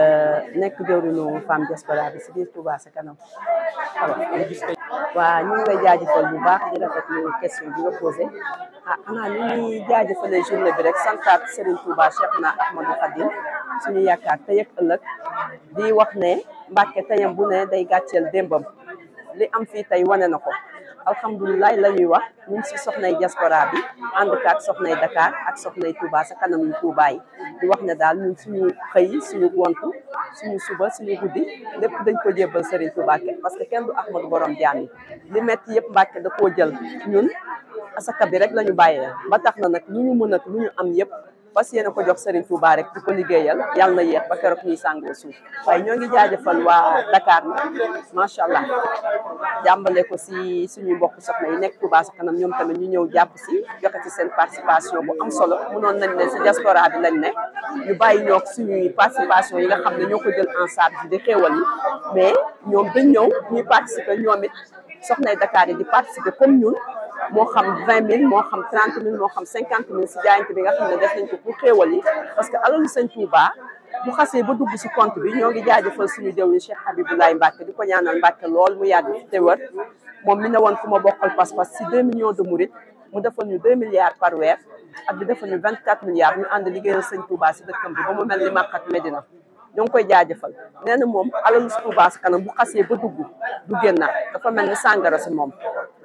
Eh, nekk jëwriñu femme diaspora bi si biir Touba sa kanam waa ñu ngi lay jaajëfal bu baax di rafetlu question bi nga posé ah xanaa ñu ngi jaajëfalee journée bi rek santaat Serigne Touba Cheikh na Ahmadou Khadim suñu yaakaar tey ak ëllëg di wax ne Mbàkke teyam bu ne day gàcceel démbam li am fi tey wane na ko alhamdulilah la ñuy wax ñu ngi si soxnay diaspora bi ànd ak soxnay Dakar ak soxnay Touba sa kanam yu Touba yi di wax ne daal ñun suñu xëy suñu wontu suñu suba suñu guddi lépp dañ ko jébbal Serigne su Mbacke parce que kenn du Ahmadou borom jaam yi li metti yëpp Mbacke da koo jël ñun asaka bi rek la ñu bàyyee ba tax na nag lu ñu mën ak lu ñu am yëpp fas yéene ko jox Serigne Touba rek di ko liggéeyal yàlla na yéex ba keroog ñuy sàngoo suuf waaye ñoo ngi jaajëfal waa Dakar na macha allah jàmbale ko si suñu mbokk soxna yi nekk Touba sa kanam ñoom tamit ñu ñëw jàpp si joxe ci seen participation bu am solo mënoon nañ ne si diaspora bi lañ ne ñu bàyyi ñoo suñuy participation yi nga xam ne ñoo ko jël en charge di xéewal yi mais ñoom dañ ñëw ñu participer ñoom it soxnay Dakar yi di participer comme ñun moo xam vingt mille moo xam trente mille moo xam cinquante mille si jaayante bi nga xam ne def nañ ko pour xéewal yi parce que alalu sëñ Touba bu xasee ba dugg si compte bi ñoo ngi jaajëfal suñu jëwriñ Cheikh Habiboulaye Mbacke di ko ñaanal Mbacke lool mu yàgg fi te wër moom mi ne woon ku ma de murit mu defal ñu deux milliards par weer ak di defal ñu vingt quatre milliards ñu ànd liggéeyal sëñ Touba si dëkkam bi ba mu mel ni kanam bu xasee ba dugg du génnaat dafa mel sàngara si moom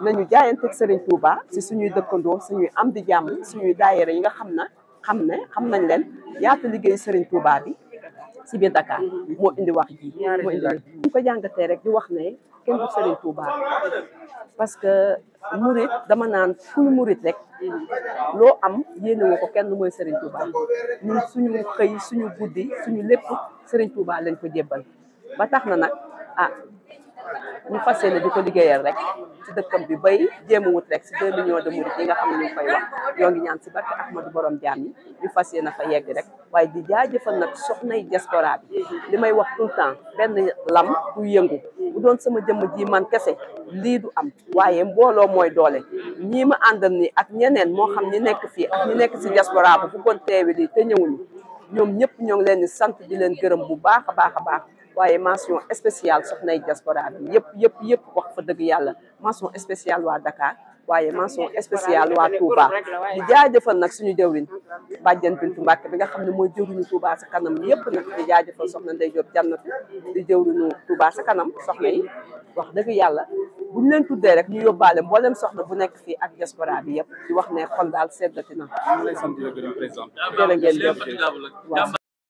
nañu jaayante ak Serigne Touba ci suñuy dëkkandoo suñuy am di jamm suñuy daayira yi nga xamna xamne xamnañ len yaatu liggey Serigne Touba bi ci bi Dakar mo indi wax ji mo indi ñu ko jangate rek di wax ne kenn du Serigne Touba parce que murit dama naan kuy murit rek lo am yene woo ko kenn moy Serigne Touba ñu suñu xey suñu guddii suñu lepp Serigne Touba lañ ko jébal ba tax na nag ah ñu fas yéene di liggéeyal rek ci dëkkam bi bay jéem wut rek ci 2 millions de murid yi nga xamni ñu fay wax ñoo ngi ñaan ci barke Ahmadou borom jaam yi ñu fas yéene fa yegg rek waye di jaajeufal nak soxnay diaspora bi limay wax tout temps ben lam ku yëngu bu doon sama jëm ji man kessé li du am waye mbolo moy doole ñi ma andal ni ak ñeneen mo xam ñi nekk fi ak ñi nekk ci diaspora bu ko téwé li té ñëwuñu ñom ñepp ñong leen di sant di leen gërëm bu baaxa baaxa baax waaye mention spéciale soxnay diaspora bi yep yep yep wax fa dëgg yàlla mention spéciale waa Dakar waaye mention spéciale waa Touba di jaajëfal nag suñu jëwriñ bàjjen Bintu Mbàkke bi nga xam ne mooy jëwriñu Touba sa kanam yëpp nag di jaajëfal soxna Ndey Jóob jannatu di jëwriñu Touba sa kanam soxna yi wax dëgg yàlla buñ leen tuddee rek ñu yóbbaale mboolem soxna bu nekk fii ak diaspora bi yëpp di wax ne xol daal